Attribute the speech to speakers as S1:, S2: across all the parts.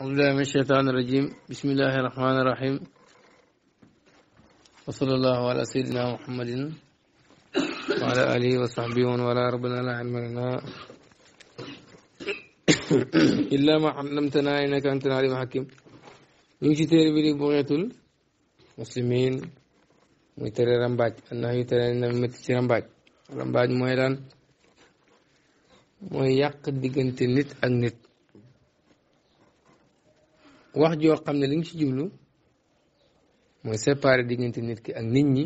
S1: أعوذ بالله من الشيطان الرجيم بسم الله الرحمن الرحيم وصلى الله على سيدنا محمد وعلى آله وصحبه ومن والاه ربنا لا علم لنا إلا ما علمتنا إنك أنت العليم الحكيم يمشي تيري بلي بغية المسلمين ويتري رمباج أنه يتري yu tere رمباج رمباج ci ويقد rambaaj mooy lan mooy wax joo xam ne li nga ci jublu mooy séparer diggante nit ki ak nit ñi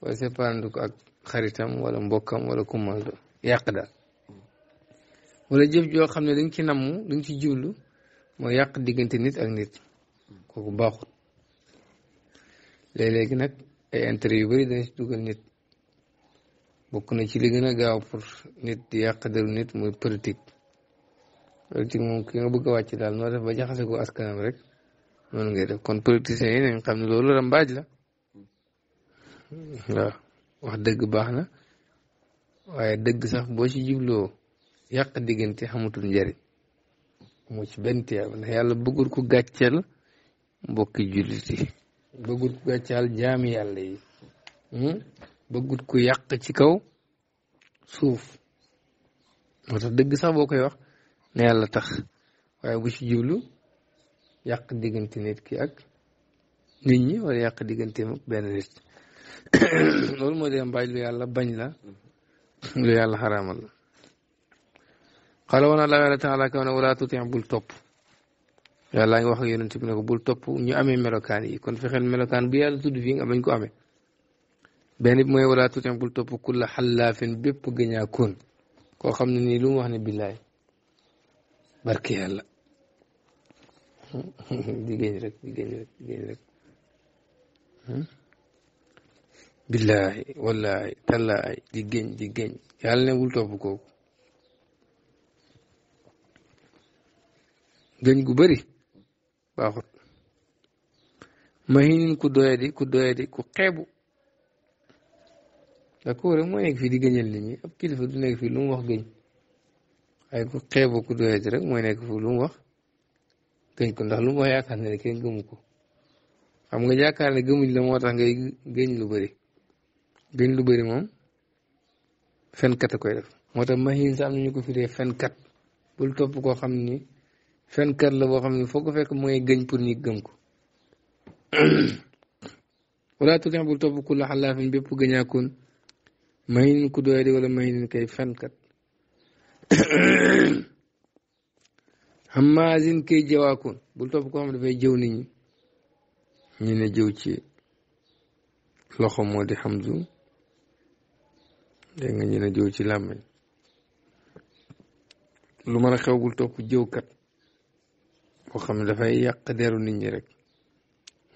S1: wala séparer ko ak xaritam wala mbokkam wala do yàq daal wala jëf joo xam ne li nga ci namm li nga ci jublu mooy yàq diggante nit ak nit kooku baaxut léeg-léegi nag ay intérêt yu bari dañ ci dugal nit bokk na ci li gën gaaw pour nit di yàq deru nit muy politique politique moom ki nga bëgg a wàcc daal noo def ba jaxase ko askanam rek noonu ngay def kon politiciens yi nañ xam ne loolu rambaaj la waaw wax dëgg baax na waaye dëgg sax boo ci jubloo yàq diggante xamatul njëriñ moo ci benn tiyaab ndax yàlla bëggul ko gàcceel mbokki jullit yi bëggul ko gàcceel jaami yàlla yi bëggul ko yàq ci kaw suuf moo tax dëgg sax boo koy wax ne yàlla tax waaye bu ci jublu yàq diggante nit ki ak nit ñi wala yàq digganteem ak benn nit loolu mooy dee mbaaj lu yàlla bañ la lu yàlla xaraamal la xala woon allah yàlla taala ka ne wala tuuti bul topp yàlla wax ak yonent bi ne ko bul topp ñu amee melokaan yi kon fexeel melokaan yàlla tudd fii bañ ko amee benn bi mooy wala tuuti bul topp kulla xallaafin bépp gëñaa koon koo xam ne nii lu wax ne billaay barke yàlla di génn rek di génn rek di génn rek billaahi wallaahi di génn di génn yàlla ne wul topp kooku génn gu bëri baaxut mahinin ku doyadi ku doyadi ku xeebu d'accord rek mooy nekk di gëñal nit ñi ab kilifa du nekk fii lu mu wax gëñ waaye ku xeebu ku doyadi rek mooy nekk fii lu gëñ ko ndax lu mu wax yaakaar ne kenn gëmu ko xam nga yaakaar ne gëmuñ la moo tax ngay gëñ lu bëri gëñ lu bëri moom fenkat a koy def moo tax mahin sa am nañu ko firee fenkat bul topp koo xam ni fenkat la boo xam ne foo ko fekk mooy gëñ pour ñi gëm ko wala tuti bul topp ku la xalaafin bépp gëñaakoon mahinin ku doy di wala mahinin kay fenkat hammaazin kay jawaakoon bul topp koo xam dafay jëw nit ñi ñu ne jëw ci loxo moo di hamzu dégg nga ñu ne jëw ci làmmiñ lu mën a xew bul topp kat boo xam ne dafay yàq deru nit ñi rek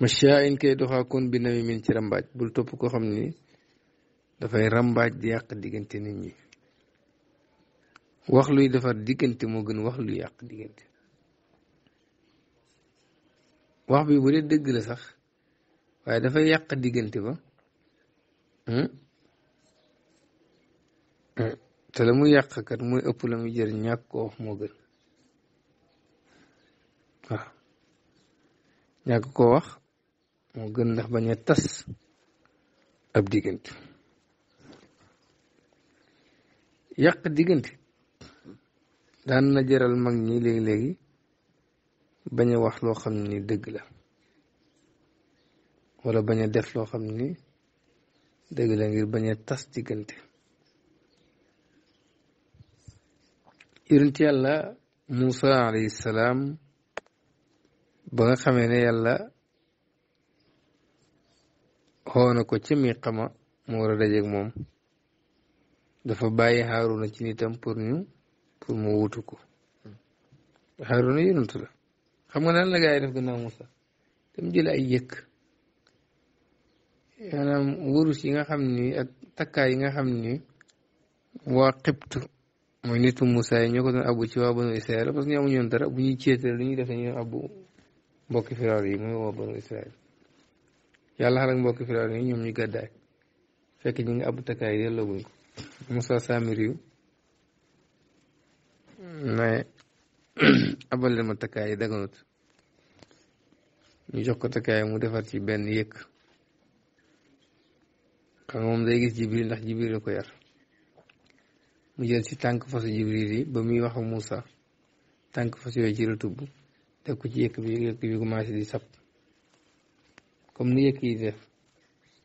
S1: macha in kay doxaakoon bi nawi min ci rambaaj bul topp koo xam ni dafay rambaaj di yàq diggante nit ñi wax luy defar diggante moo gën wax luy yàq diggante wax bi bu dee dëgg la sax waaye dafay yàq diggante ba hmm? Hmm. te la mu yàq kat mooy ëpp la mu jëriñ ñàkk ko moo gën waaw ñàkk ko wax moo gën ndax bañ a tas ab diggante yàq diggante daan na jëral mag ñi léegi-léegi bañ wax loo xam ni dëgg la wala bañ a def loo xam ni dëgg la ngir bañ tas diggante yonent yàlla Muusa alayhi salaam ba nga xamee ne yàlla xoo ko ci mi xama mu war a dajeeg moom dafa bàyyi Haaruna ci nitam pour ñu pour mu wutu ko Haaruna yonantu la xam nga nan la gaa yi def gannaaw Moussa dam jël ay yëkk maanaam wurus yi nga xam ni takkaay yi nga xam ni waa Xipt mooy nitu Moussa yi ñoo ko doon abbu ci waa banu Israël parce que ñu amuñu dara bu ñuy ceetale lu ñuy def dañuy abu mbokki firaar yi mooy waa banu Israël yàlla xalak mbokki firaar yi ñoom ñu gàddaay fekk ñu ngi abbu takkaay yi dellooguñ ko Moussa Samiri yu ne abal leen ma takkaay yi daganut ñu jox ko takkaay mu defar ci benn yëkk xam nga moom day gis jibril ndax jibril la ko yar mu jël ci tànk fasu jibril yi ba muy wax ak tànk fas yooyu ci la tubb ko ci yëkk bi yëkk bi commencé di sap comme ni yëkk yi def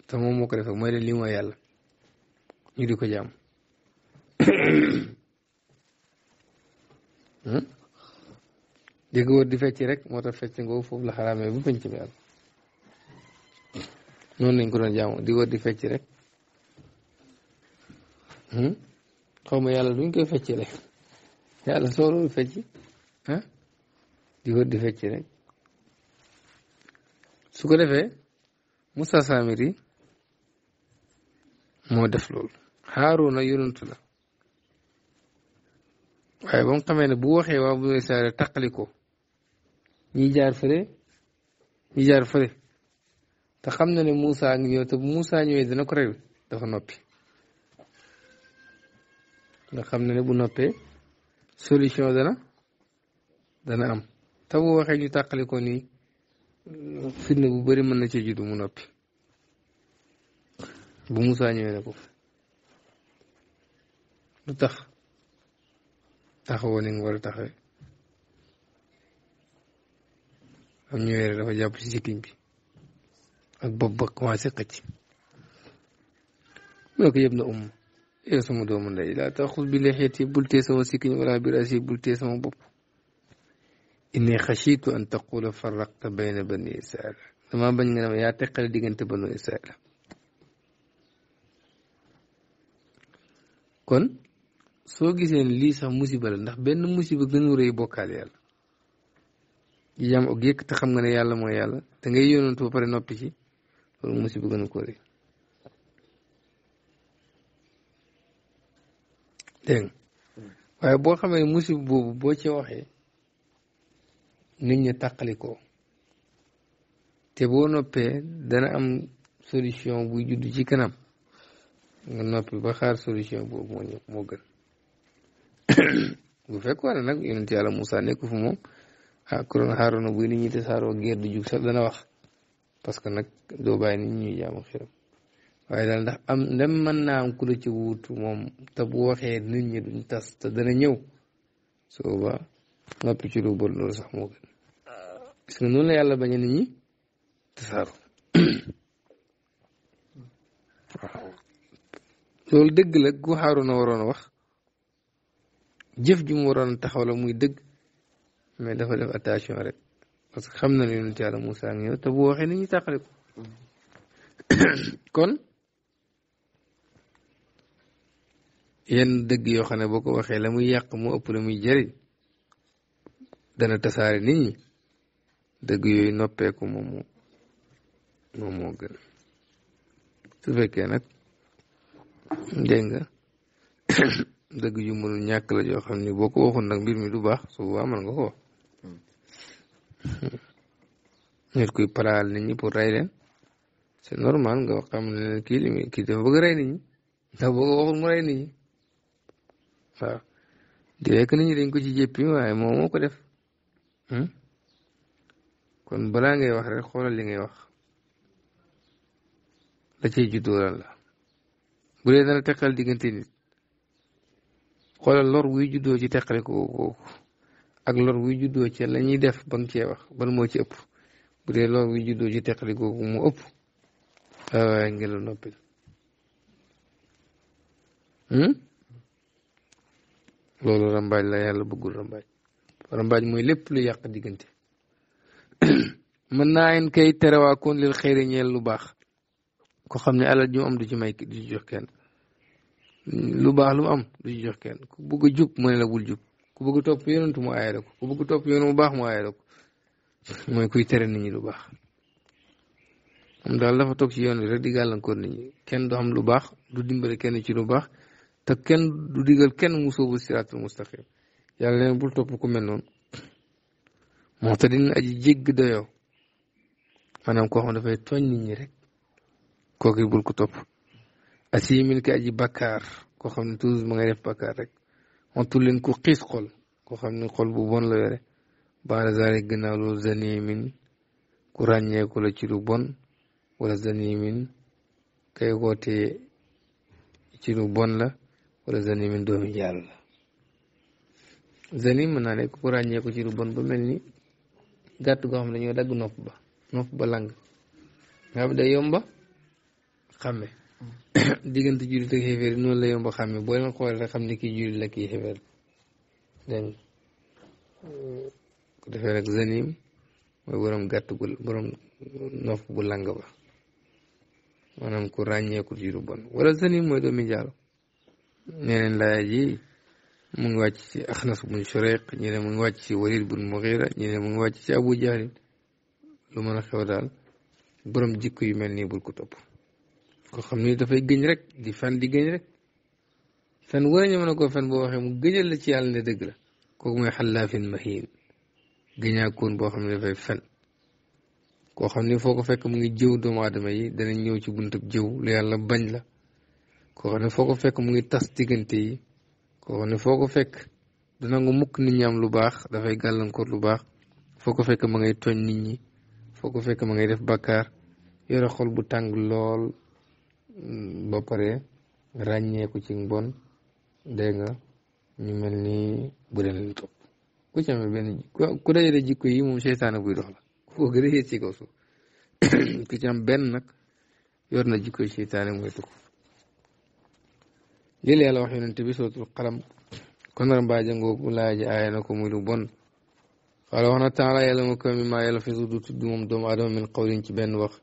S1: te moom moo ko defee mooy leen li mooy yàlla ñu di ko jaam Hmm? di góor di fecc rek moo tax fecc ngoo foofu la xaraamee bu penc bi yàlla noonu lañ ko doon jaamu di wor di fecc rek hmm? xaw ma yàlla duñ koy fecc rek yàlla soo loolu fecc ah su ko defee Moussa Samiri moo def loolu xaaru na yonantu la waaye ba mu xamee ne bu waxee waa bu isaare taqali ko ñi jaar fële ñi jaar fële te xam na ne Moussa ngi ñëw te bu Moussa ñëwee dafa noppi nga xam na ne bu noppee solution dana dana am te bu waxee ñu tàqali ko nii fitna bu bari mën na cee juddu mu noppi bu Moussa ñëwee ne ko lu tax taxawoo ni nga war a taxawee am ñu weere dafa jàpp ci sikkiñ bi ak bopp ba commencé xëcc mu ne ko yëpp na umm yow sama doomu ndey laa taxul bi lexeet yi bul tee sama sikkiñ wala bi raas yi bul tee sama bopp inni xachitu an taqula farraqta bayna bani israila dama bañ nga ne yaa teqale diggante banu israila kon soo gisee ne lii sax musiba la ndax benn musiba gënu rëy bokkaale yàlla yam jàmm yëkk te xam nga ne yàlla mooy yàlla dangay ngay yónantu noppi ci loolu musiba gënu ko rëy boo xamee musiba boobu boo ci waxee nit ñi tàqali ko te boo noppee dana am solution buy judd ci kanam nga noppi ba xaar solution boobu moo moo gën bu fekkoon nag yonent yàlla Moussa nekku fu moom ah kuréel Haaruna buy nit ñi tasaaroo géer du jug sax dana wax parce que nag doo bàyyi nit ñuy ñi duñ tas te dana bon loolu sax moo gën parce que la yàlla bañ a nit ñi loolu dëgg la gu Haaruna waroon a wax. jëf ji mu waroon a taxaw la muy dëgg mais dafa def attention rek parce que xam na ne yonent Yàlla mu ngi ñëw te bu waxee ni ñu tàqale kon yenn dëgg yoo xam ne boo ko waxee la muy yàq mu ëpp la muy jëriñ dana tasaare nit ñi dëgg yooyu noppeeku moom moom moo gën su fekkee nag dégg nga dëgg yu mënul ñàkk la yoo xam ne boo ko waxoon nag mbir mi du baax su boobaa mën nga ko wax hmm. nit kuy paraal nit ñi pour rey leen c'est normal nga xam ne kii li kii dafa bëgg rey nit ñi ndax boo ko waxul mu rey nit ñi waaw di rek nit dañ ko ci jéppi waaye moo ko def hmm? kon balaa ngay wax rek xoolal li ngay wax la cay juddoo la bu dee dana teqal diggante xoolal lor juddoo ci teqale kooku juddoo ci la ñuy def ba nga cee wax ban moo ci ëpp bu juddoo ci teqale mu ëpp waaye hmm? loolu rambaaj la yàlla bëggul rambaaj rambaaj mooy lépp lu yàq diggante mën naa yéen kay terewaakoon lil xëyri ñeel lu baax ko xam ne alal ju am du ci may du ci jox kenn lu baax lu am du ci jox kenn ku bëgg a jub mu bul jub ku bëgg topp yonentu mu aaye ku bëgg topp yoon mu baax mu aaye la mooy kuy tere nit ñi lu baax am daal dafa toog ci yoon bi rek di gàllankoor nit kenn du am lu baax du dimbale kenn ci lu baax te kenn du digal kenn mu sóobu siraatul mustaqim yàlla leen bul topp ku mel noonu moo tax dinañ aji jégg doyoo maanaam koo xam dafay tooñ nit ñi rek kooku bul ko topp asimin ka aji bakkaar koo xam ne toujours ma ngay def bakkaar rek wantu leen ku xiis xol koo xam ne xol bu bon la yore baada zaari gannaaw loolu zanimin ku ràññeeku la ci lu bon wala zanimin kay wootee ci bon la wala zanimin doomi jaal la zanim mën naa nekk ku ràññeeku ci lu bon ba mel ni gàtt goo xam ne dagg nopp ba nopp ba lang nga xam yomba xame diggante jullit ak xéeféer noonu la yomb a boo leen xool rek xam ne kii jullit la kii xéeféer dégg ko defee rek zanim mooy borom gàtt gu borom nof bu lang ba maanaam ku ràññeeku ci lu bon wala zanim mooy mu ngi wàcc ci axnas bun shureyq ñeneen mu ngi wàcc ci walid bun mugira ñeneen ngi wàcc ci abu lu mën a xew daal borom jikko yu mel nii bul ko topp koo xam ni dafay gëñ rek di fen di gëñ rek fen wara ñu mën a koo fen boo waxee mu gëñal la ci yàlla ne dëgg la kooku mooy xallaafin mahiin gëñaakoon boo xam ne dafay fen koo xam ni foo ko fekk mu ngi jëw doomu aadama yi danañ ñëw ci buntab jëw lu yàlla bañ la koo xam ne foo ko fekk mu ngi tas diggante yi koo xam ne foo ko fekk du nangu mukk nit ñi am lu baax dafay gàllankoor lu baax foo ko fekk ma ngay tooñ nit ñi foo ko fekk ma ngay def bàkkaar yore xol bu tàng lool Mm, ba pare ràññeeku ci bon dégg nga ñu mel ni bu leen ku ci amee benn jikko yi moom seytaane buy dox la koo gën a yéeg ci kaw suuf ku ci am benn nag yor na jikko seytaane mooy tukk lii la wax yonente bi sootul xalam kon nar mbaa jëngoogu laa ji aaya na ko muy lu bon wala wax na taala yàlla ma ko mi maa yàlla fi du tudd moom doomu adama min qawlin ci benn wax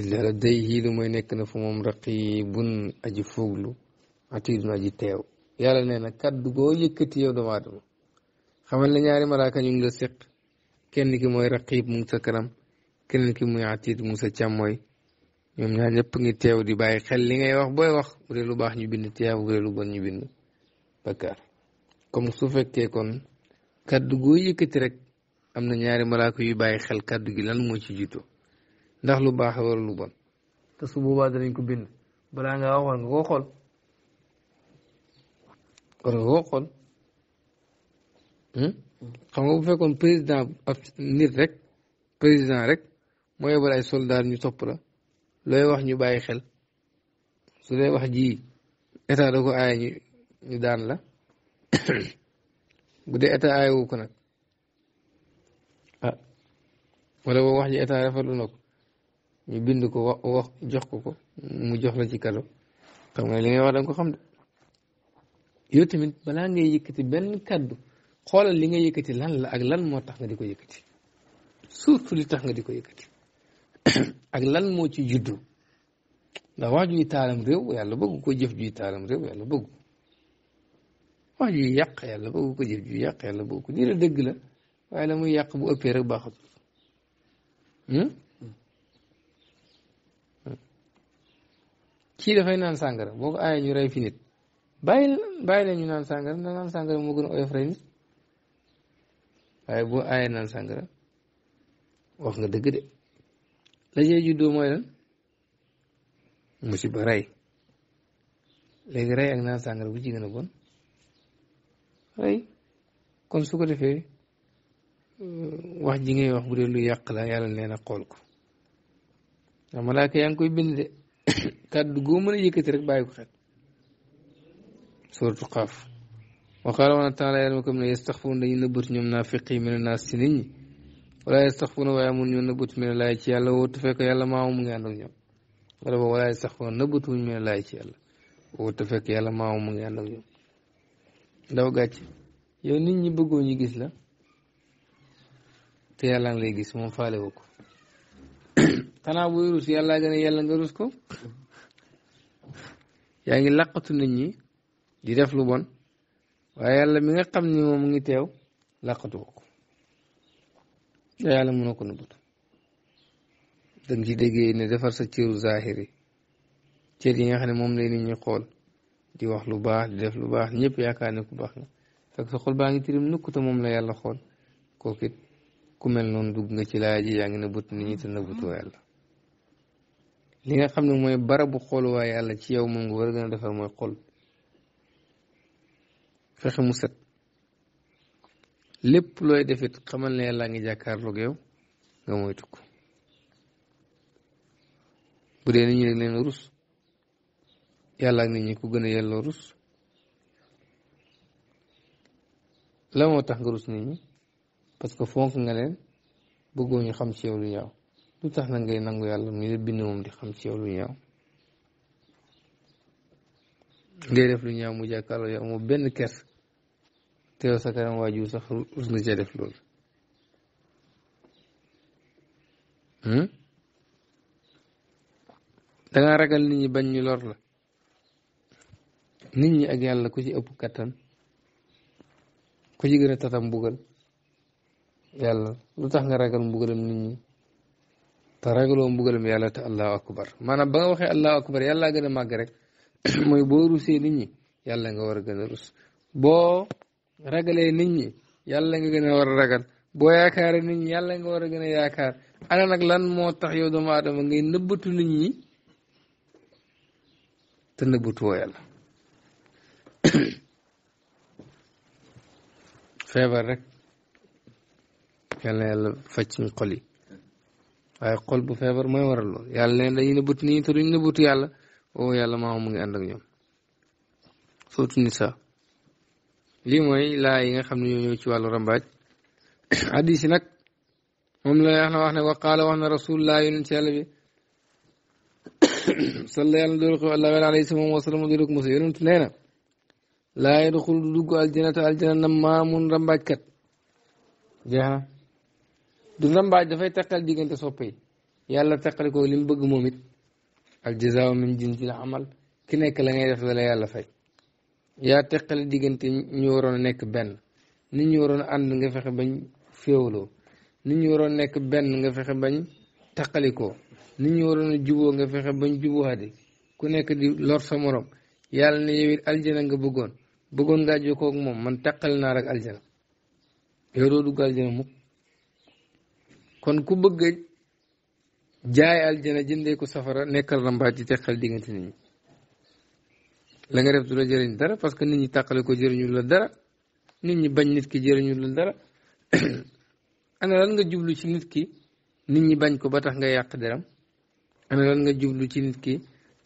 S1: illa ladayhi lu mooy nekk na fa moom raqibun aji fooglu atidun aji teew yàlla nee na kàddu goo yëkkati yow doomu aadama xamal ñu ngi la séq kenn ki mooy raqib mu sa kanam keneen ki muy atid mu sa càmmooy ñoom ñaar ñëpp ngi teew di bàyyi xel li ngay wax booy wax lu baax ñu bind teew lu bon ñu bind su fekkee kon kaddu goo yëkkati am na ñaari malaaka yu bàyyi xel kàddu gi lan moo ci jiitu ndax lu baax wala lu bon te su boobaa danañ ko bind balaa ngaa wax war nga koo xool war nga koo xool hmm? xam nga fekkoon président ab nit rek président rek moo yebal soldaar ñu sopp la looy wax ñu bàyyi xel su dee wax ji état da ko aaya ñu daan la bu dee état aaya wu ko nag ah wala boo wax ji état rafetlu na ñu bind ko wax jox ko ko mu jox la ci kado xam nga li ngay wax danga ko xam de yow tamit balaa ngay yëkkati benn kaddu xoolal li nga yëkkati lan la ak lan moo tax nga di ko yëkkati surtout li tax nga di ko yëkkati ak lan moo ci juddu ndax wax juy taalam réew yàlla bëgg ko jëf juy taalam réew yàlla bëgg wax juy yàq yàlla bëgg ko jëf juy yàq yàlla bëgg ko lii la dëgg la waaye la muy yàq bu ëppee rek baaxatul hmm? kii dafay naan sàngara boo ko aayee ñu rey fi nit bàyyi bàyyi leen ñu naan sàngara ndax naan sàngara moo gën a oyof rey nit waaye boo aayee naan sàngara wax nga dëgg de la jee juddoo mooy lan musiba rey léegi rey ak naan sàngara bu jigéen gën a bon rey kon su ko defee euh, wax ji ngay wax bu dee lu yàq la yàlla nee na xool ko ndax malaaka yaa ngi koy bind de kàddu goo mën a yëkkati rek bàyyi ko xel suratu xaaf wa qaala wana taala yàlla ma ko ne yastaxfuuna dañu nëbbatu ñoom naafiq yi mine naas ci nit ñi wala yastaxfuuna waaye amun ñoo nëbbatu mine laay ci yàlla wootu fekk yàlla maamu mu ngi ànd ak ñoom wala boog wala yastaxfuuna yàlla wootu fekk yàlla maamu mu ngi ànd ak ñoom daw gàcc yow nit ñi bëggoo ñu gis la te yàlla ngi lay gis moom faale woo ko xanaa booy rus yàlla gën a yàlla nga rus ko yaa ngi laqatu nit ñi di def lu bon waaye yàlla mi nga xam ni moom mu ngi teew laqatu ko yàlla mënoo ko nëbbatu dañ ci déggee ne defar sa cëru zahiri cër yi nga xam ne moom la nit ñuy xool di wax lu baax di def lu baax ñëpp yaakaar ne ku baax nga fekk sa xol baa ngi tirim nukk te moom la yàlla xool kookit ku mel noonu dugg nga ci laaj yi yaa ngi nëbbatu nit ñi te nëbbatoo yàlla li nga xam ne mooy barabu xool waa yàlla ci yow moom nga war a gën a defar mooy xool fexe mu set lépp looy defit xamal ne yàlla ngi jàkkaarloog yow nga moytu ko bu dee nit ñi dañ leen rus yàlla ak nit ñi ku gën a yelloo rus la moo tax nga rus nit ñi parce fonk nga leen bëggoo ñu xam ci yow lu ñaaw lu tax na ngay nangu yàlla mi la bind moom di xam ci yow lu ñaaw ngay def lu ñaaw mu jàkkaarloo yow mu benn kers te yow sa kanam waajur sax rus na cee def loolu hmm? danga ragal nit ñi bañ ñu lor la nit ñi ak yàlla ku ci ëpp kattan ku ci gën tatam mbugal yàlla lu nga ragal mbugalam nit ñi te ragaloo mbugalam yàlla ta allahu akbar maanaam ba nga waxee allahu akbar yàlla gën a màgg rek mooy boo rusee nit ñi yàlla nga war a gën a rus boo ragalee nit ñi nga gën a war a ragal boo yaakaaree nit ñi yàlla nga war a gën a yaakaar ana lan moo tax yow doomu aadama ngay nëbbatu nit ñi te nëbbatuwoo yàlla feebar rek yàlla yàlla faj suñ waaye xol bu feebar mooy waral loolu yàlla ne dañuy nëbbut nii te duñ nëbbut yàlla oo yàlla maa mu ngi ànd ak ñoom sootu nisa lii mooy laa yi nga xam ne ñoo ci wàllu rambaaj hadis yi nag moom la yàlla wa qaala wax na rasulullah yonent yàlla jeex na du lambaaj dafay teqal diggante soppe yàlla teqal ko li bëgg moom it al jazaa min jinsil amal ki nekk la ngay def la yàlla fay yaa teqale diggante ñu waroon a nekk benn nit ñu waroon a ànd nga fexe bañ féewaloo nit ñu waroon nekk benn nga fexe bañ taqalikoo nit ñu waroon a juboo nga fexe bañ jubuwaadi ku nekk di lor sa morom yàlla ne yow it aljana nga bëggoon bëggoon ngaa jokkoo ak moom man taqal naa rek aljana yow doo dugg aljana kon ku bëgg jaay aljana jëndee ko safara nekkal rambaaj ci teqal diggante nit ñi la nga def du la jëriñ dara parce que nit ñi tàqale jëriñu la dara nit ñi bañ nit ki jëriñu la dara ana nga jublu ci nit ki nit ñi bañ ko ba tax nga yàq deram ana nga jublu ci nit ki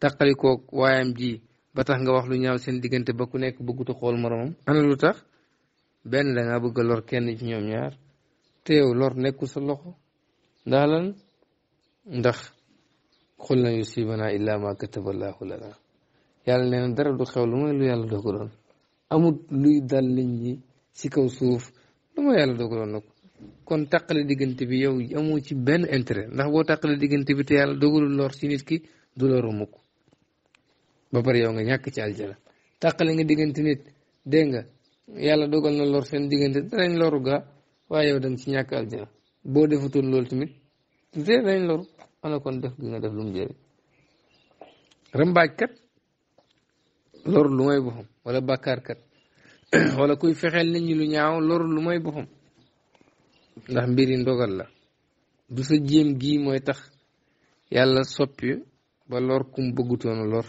S1: tàqale ko waayam ji ba nga wax lu ñaaw seen diggante ba ku nekk bëggutu xool moromam ana lu tax benn da ngaa lor kenn ci ñoom ñaar te yow lor nekkul sa loxo ndax lan ndax xul lan yusibanaa illaa ma kataballaahu lanaa yàlla nee dara du xew lu mooy lu yàlla dogaloon amul luy dal nit ñi ci kaw suuf lu mooy yàlla dogaloon nag kon tàqale diggante bi yow amoo ci benn intérêt ndax boo tàqale diggante bi te yàlla dogalul lor ci nit ki du loru mukk ba pare yow nga ñàkk ci aljana tàqale nga diggante nit dégg nga yàlla dogal na lor seen diggante danañ loru gaa waaye yow dem ci ñàkk aljana boo defutoon loolu tamit réer lañ loru ana kon def gi nga def lu mu jëriñ rëmbaaj kat loru lu may boppam wala bàkkaar kat wala kuy fexeel nit ñi lu ñaaw loru lu may boppam ndax mbiri ndogal la du sa jéem gii mooy tax yàlla soppi ba lor kum bëggutoona lor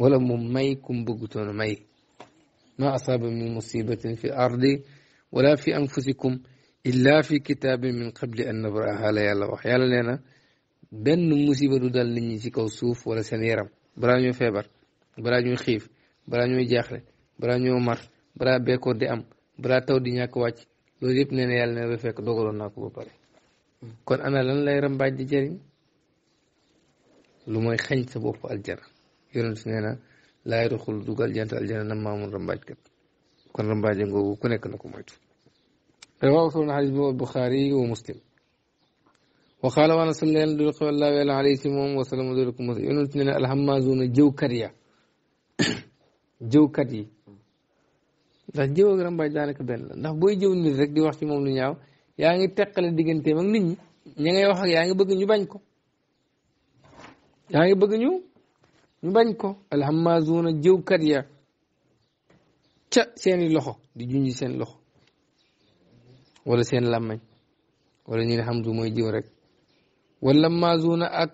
S1: wala mu may kum bëggutoona may ma asaaba min musibatin fi ardi wala fi anfusikum illa fi kitaabin min qabli an nabraha la yàlla wax yàlla nee benn musiba du dal nit ñi ci kaw suuf wala seen yaram balaa ñoo feebar balaa ñuy xiif balaa ñuy jaaxle balaa ñoo mar balaa bekkoor di am balaa taw di ñàkk wàcc loolu yëpp nee yàlla nee na fekk dogaloon naa ko ba pare kon ana lan lay rambaaj di jëriñ mooy xañ sa bopp aljana yonent nee rambaaj kat kon rambaaj ngoogu ku nekk na ko moytu رواه في الحديث البخاري ومسلم وقال وانا صلى الله عليه عليه وسلم ذلكم يونت نينا الحمازون جوكر يا جوكر يي ndax jëw ak rambaaj daanaka benn la ndax booy jëw nit rek di wax ci moom lu ñaaw yaa ngi teqale digganteem ak nit ñi ña ngay wax ak yaa ngi bëgg ñu bañ ko yaa ngi bëgg ñu ñu bañ ko alhamaazuuna jëwkat ya ca seeni loxo di junj seen loxo wala seen làmmañ wala ñu ne xamdu mooy jiw rek wala maazuna ak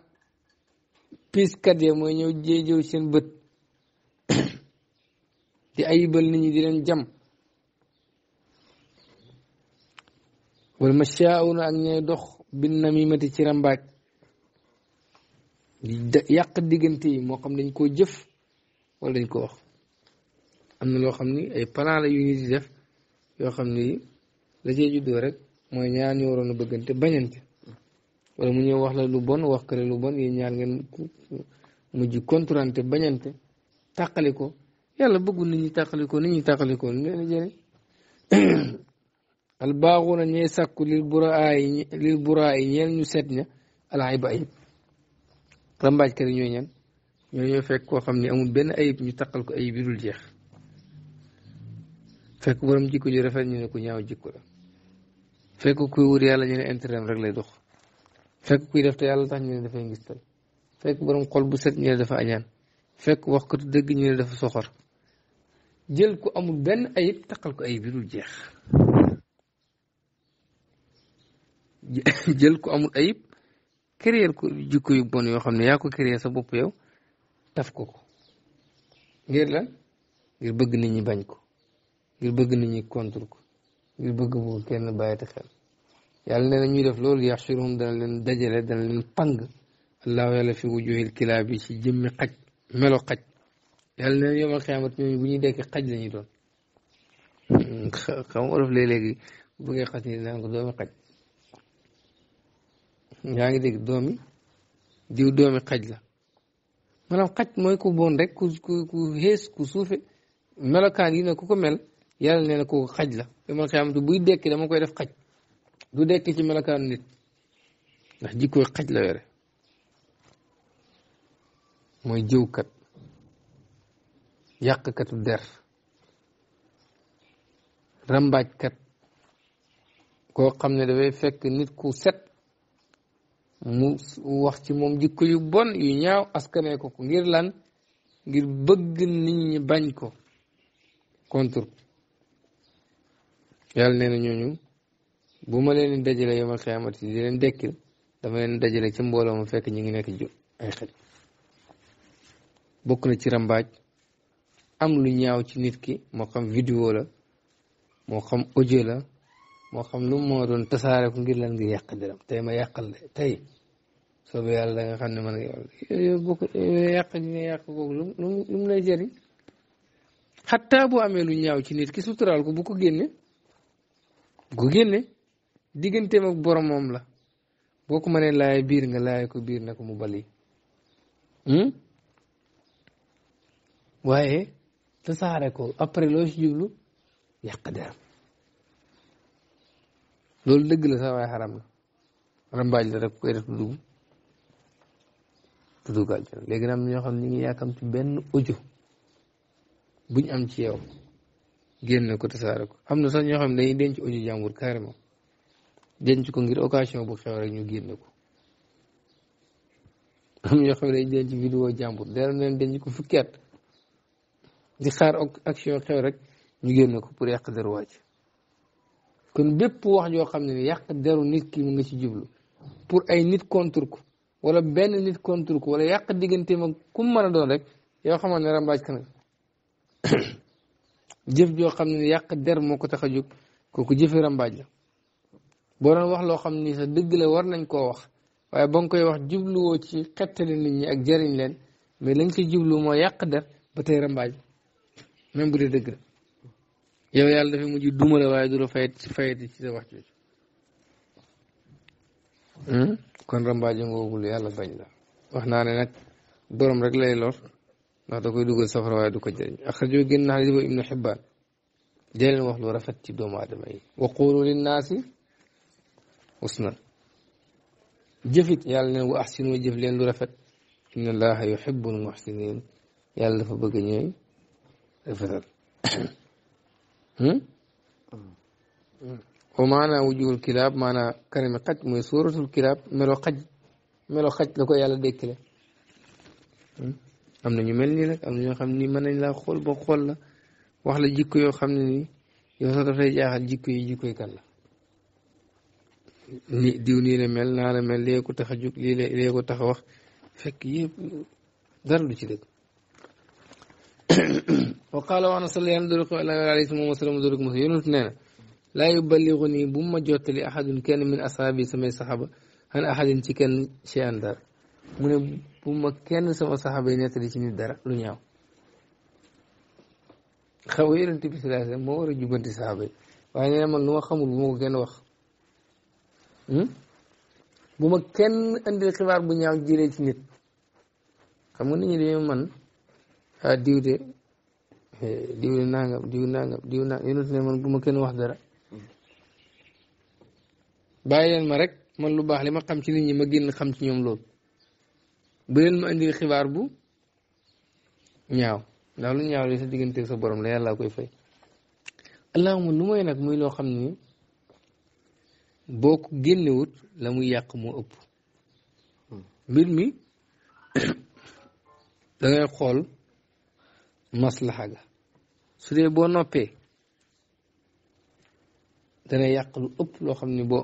S1: piiskat ya mooy ñëw jee jëw seen bët di ayibal nit ñi di leen jam wala mashaauna ak ñooy dox bin namimati ci rambaaj yàq diggante yi moo xam dañ koo jëf wala dañ ko wax am na loo xam ni ay plan la yu def yoo xam ni la cee juddoo rek mooy ñaar ñu waroon a bëggante bañante wala mu ñëw wax la lu bon wax kële lu bon yéen ñaar ngeen mujj konturante bañante tàqali ko yàlla bëggul nit ñi tàqali ko nit ñi tàqali ko leen ñu seet ña alxayba ayib rambaajkat yi ñooy ñan ñoo ñoo fekk koo xam ni amul benn ayib ñu taqal ko ayib yi dul jeex fekk borom jikko ju rafet ñu ne ku ñaaw jikko la fekk kuy wut yàlla ñu ne intérêt lay dox fekk kuy def te yàlla tax ñu ne dafay ngistal fekk borom xol bu set ñu dafa añaan fekk wax ko dëgg ñu ne dafa soxor jël ku amul benn ayib taqal ko ayib yi dul jeex jël ku amul ayib créer ko jikko yoo xam ne yaa ko sa bopp yow taf ko ko ngir lan ngir bëgg nit ñi bañ ko ngir bëgg nit ñi contre ko ngir bëgg bu kenn bàyyite xel yàlla nee na ñuy def loolu yaxsuruhum dana leen dajale dana leen pang allahu yàlla fi wujuhil kilaab yi ci jëmmi xaj melo xaj yàlla nee na yomal xiyaamat ñooñu bu ñuy dekk xaj la ñu doon xam olof léeg-léegi bu bëggee xas ni naan ko doomi xaj yaa ngi dégg doomi diw doomi xaj la maanaam xaj mooy ku bon rek ku ku ku xees ku suufe melokaan yi ne ku ko mel yàlla nee na kooku xaj la yomal xiyaamatu buy dekki dama koy def xaj du dekki ci melokaanu nit ndax jikkooy xaj la yore mooy jëwkat yàqkatu der rambaajkat koo xam ne dafay fekk nit ku set mu wax ci moom jikko yu bon yu ñaaw askanee ko ko ngir lan ngir bëgg nit ñi bañ ko contre yàlla nee na ñooñu bu ma leen dajale yomal xiyaamati di leen dekkil dama leen dajale ci mbooloo mu fekk ñu ngi nekk ju ay xel bokk na ci rambaaj am lu ñaaw ci nit ki moo xam vidéo la moo xam audio la moo xam lu moo doon tasaare ko ngir lan ngir yàq deram tey ma yàqal de tey soobu yàlla da nga xam ne man yooyu bokk yàq ñu ne yàq kooku lu mu lay jëriñ xattaa bu amee lu ñaaw ci nit ki suturaal ko bu ko génne gu génne digganteem ak boromam la boo ko mënee laay biir nga laay ko biir na ko mu bali hmm? waaye tasaare ko après loo ci jublu yàq deram loolu dëgg la sax waaye xaram la rambaaj la rek koy def du dugg du dugg léegi nag am ñoo xam ne ñu ngi yàkkam ci benn audio buñ am ci yow génn ko saare ko am na sax ñoo xam ne dañuy denc uju jàmbur carrément denc ko ngir occasion bu xew rek ñu génn ko am ñoo xam ne dañuy denc vidéo jàmbur dara leen denc ko fukki at di xaar action xew rek ñu génne ko pour yàq deru wàcc kon bépp wax yoo xam ne yàq deru nit ki mu ngi ci jublu pour ay nit contre ko wala benn nit contre ko wala yàq digganteem ak ku mu a doon rek yoo xamante ne rambaaj ka nag jëf joo xam ne yàq der moo ko tax a jub kooku jëfi rambaaj la boo doon wax loo xam ni sa dëgg la war nañ koo wax waaye ba nga koy wax jubluwoo ci xettali nit ñi ak jariñ leen mais lañ koy jublu moo yàq der ba tey rambaaj même bu dee dëgg la yow yàlla dafa mujj duma la waaye du la fayet fayeti ci sa wax jooju hmm? kon rambaaj ngoogu lu yàlla bañ la wax naa ne nag borom rek lay lor ndax da koy dugal safara waaye du ko jëriñ axrajo génn na xadis ba ibnu xibbaan dee leen wax lu rafet ci doomu aadama yi wa quulu linnaasi usna jëfit yàlla neen wa axsinu jëf leen lu rafet inna allaha yuhibbu almuxsinin yàlla dafa bëgg ñooy rafetal wa maanaa wujuhul kilaab maanaa kanami xaj mooy suuratul kilaab melo xaj melo xaj la ko yàlla dékkile am na ñu mel nii nag am na ñoo xam ni mën nañ laa xool ba xool la wax la jikko yoo xam ne nii yow sax dafay jaaxal jikko yi jikkoy kan la ni diw nii la mel naa la mel lee ko tax a jug lii lee ko tax wax fekk yëpp dara du ci dëgg wa qaala wax na sal yàlla doroko alayhi moom wasalam dorok mos yonent nee na nii bu ma jottali ahadun kenn min asaabi samay saxaaba an ahadin ci kenn ci an mune ne bu ma kenn sama sahaba yi nettali ci nit dara lu ñaaw xaw a yonent bi sallallahu alayhi wasallam moo war jubanti sahaba yi waye nee man luma xamul bu ma ko kenn wax bu ma kenn andil xibaar bu ñaaw jire ci nit xam nga nit ñi man a diw de diw de nangam diw nangam diw na yonent ne man bu ma kenn wax dara bàyyi ma rek man lu bax li ma xam ci nit ñi ma genn xam ci ñoom loolu bu leen ma xibaar bu ñaaw ndax lu ñaaw li sa digganteeg sa borom la yàlla koy fay allahuma lu mooy nag muy loo xam ni boo ko génnewut la mu yàq moo ëpp mbir mi da xool maslaxa ga su dee boo noppee dana yàq lu ëpp loo xam ni boo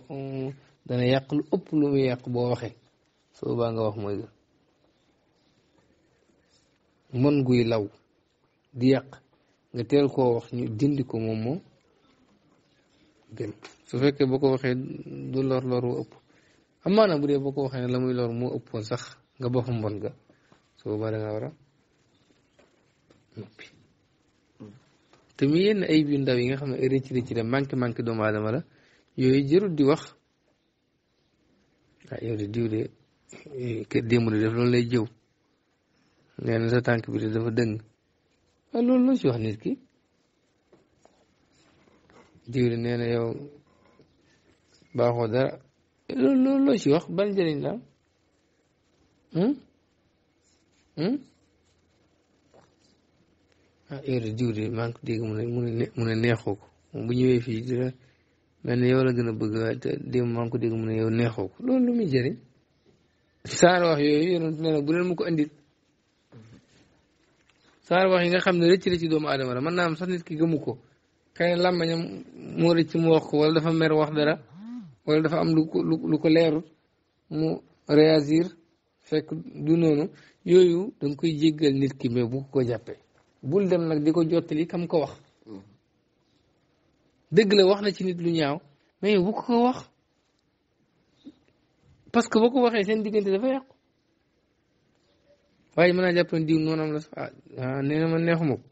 S1: dana yàq lu ëpp lu muy yàq boo waxee soo baa nga wax mooy gën mën guy law di yàq nga teel koo wax ñu dindi ko moom moo su fekkee boo ko waxee du lor lor wu ëpp amaana bu dee boo ko waxee ne la muy lor moo ëppoon sax nga ba fa mbon ga soo boobaa da nga war a te mu yenn ay yu ndaw yi nga xam ne rëcc rëcc la manqué manqué doomu aadama la yooyu jërul di wax ah yow de diw de eh, démb de def loolu lay jëw nee na sa tànk bi de dafa dëng waaye ah, loolu loo ci wax nit ki jiw di nee na yow baaxoo dara loolu ci wax ban njëriñ la hmm? Hmm? ah yow de jiw de maa ngi ko dégg mu ne mu ne neexoo ko moom bu la gën a bëgg waaye te démb maa ngi ko dégg mu ne yow neexoo ko na bu leen andit saar wax yi nga xam ne rëcc la ci doomu aadama la mën naa am sax nit ki gëmu ko kay làmmañam moo rëcc mu wax ko wala dafa mer wax dara wala dafa am lu ko lu ko leerul mu réagir fekk du noonu yooyu da koy jéggal nit ki mais bu ko jàppee bul dem nag di ko jottali kam ko wax dëgg la wax na ci nit lu ñaaw mais bu ko ko wax parce que boo ko waxee seen diggante dafa yàqu waaye mën naa jàpp ne diw noonu am la sax ah ma neexuma ko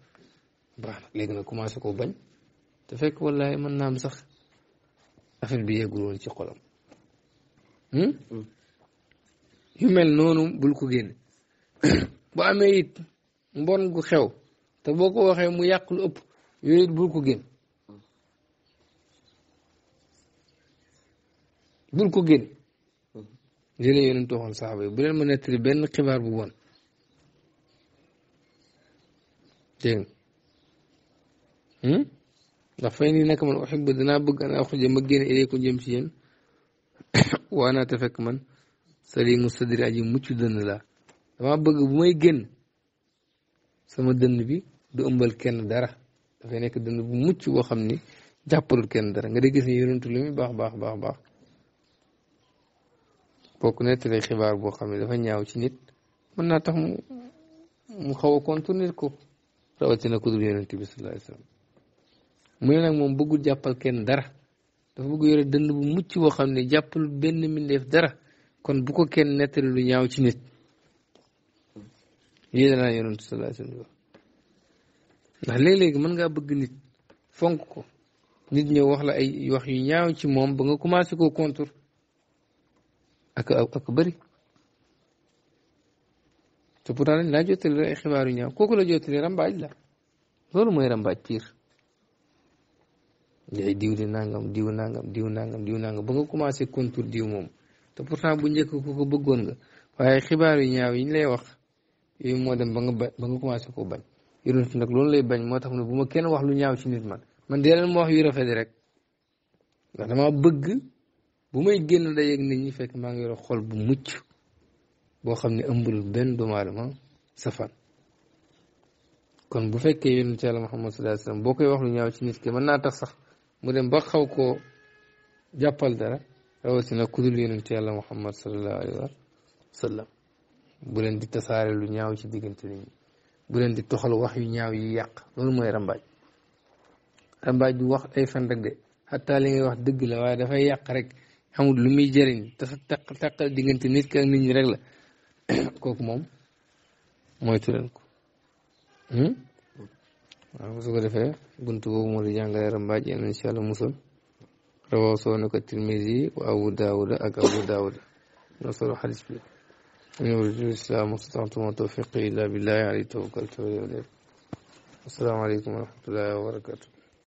S1: baax na léegi nag commencé koo bañ te fekk wallaay mën naa am sax affaire bi yeggul woon ci xolam. Hmm? Hmm. yu mel noonu bul ko génne bu amee it mbon gu xew te boo ko waxee mu yàq lu ëpp yooyu it bul ko génn bul ko génn. Hmm. lii la yéen a saxaaba yi bu leen ma nettali benn xibaar bu bon. téen ndax fay nii naka man uhibbu danaa bëgg an axruja ma génn ilaykum jëm ci yéen waa naa te fekk man salimu sadri aji mucc dënn la dama bëgg bu may génn sama dënn bi du ëmbal kenn dara dafay nekk dënn bu mucc boo xam ni jàppalul kenn dara nga di gis ne yonentu lu baax baax baax baax bokk nettali xibaar boo xam ne dafa ñaaw ci nit tax mu mu xaw a kontu ko rawatina ku dul yonent bi sallallahu mu ne nag moom bëggul jàppal kenn dara dafa bëgg yore dënn mucc boo xam ne jàppal benn mbindeef dara kon bu ko kenn nettali lu ñaaw ci nit lii danaa yonent sallallahu alayhi wasallam ndax léegi mën ngaa bëgg nit fonk ko nit ñëw wax la ay wax yu ñaaw ci moom ba nga commencé ko contour ak ak te pourtant dañ laa jottali ay xibaar yu ñaaw kooku la jottali rambaaj la loolu mooy rambaaj pire. yaay diw di nangam diw nangam diw nangam diw nangam ba nga commencé diw moom te bu njëkk bëggoon waaye xibaar yu ñaaw yi lay wax yooyu moo dem ba ba ba nga commencé koo bañ. yonent nag loolu lay bañ moo tax ne bu ma kenn wax lu ñaaw ci nit man man dee leen ma wax yu rafet rek ndax dama bëgg bu may génn dajeeg nit ñi fekk maa ngi yor xol bu mucc. boo xam ne ëmbul benn doomu aadama safar kon bu fekkee yonent yàlla Muhammad sallallahu alayhi wasallam boo koy wax lu ñaaw ci nit ki mën naa tax sax mu dem ba xaw koo jàppal dara rawatina ku dul yonent bu leen di tasaare lu ñaaw ci diggante nit ñi bu leen di toxal wax yu ñaaw yi yàq loolu mooy rambaaj rambaaj du wax ay fan rek de xataa li ngay wax dëgg la waaye dafay yàq rek amul lu muy jëriñ te taq taqal diggante nit ki nit ñi rek la kooku moom moytu leen ko waaw su ko defee bunt boobu moo di jàngale rambaaj yéen incha allah musal rawaaw soo ne ko tirmisi wa abu daawuda ak abu daawuda ñoo solo xadis bi in uridu lislam mastata'tuma tawfiqi illa billahi alayhi tawakkaltu wa ilayhi unib assalaamu aleykum wa rahmatullahi wa barakatu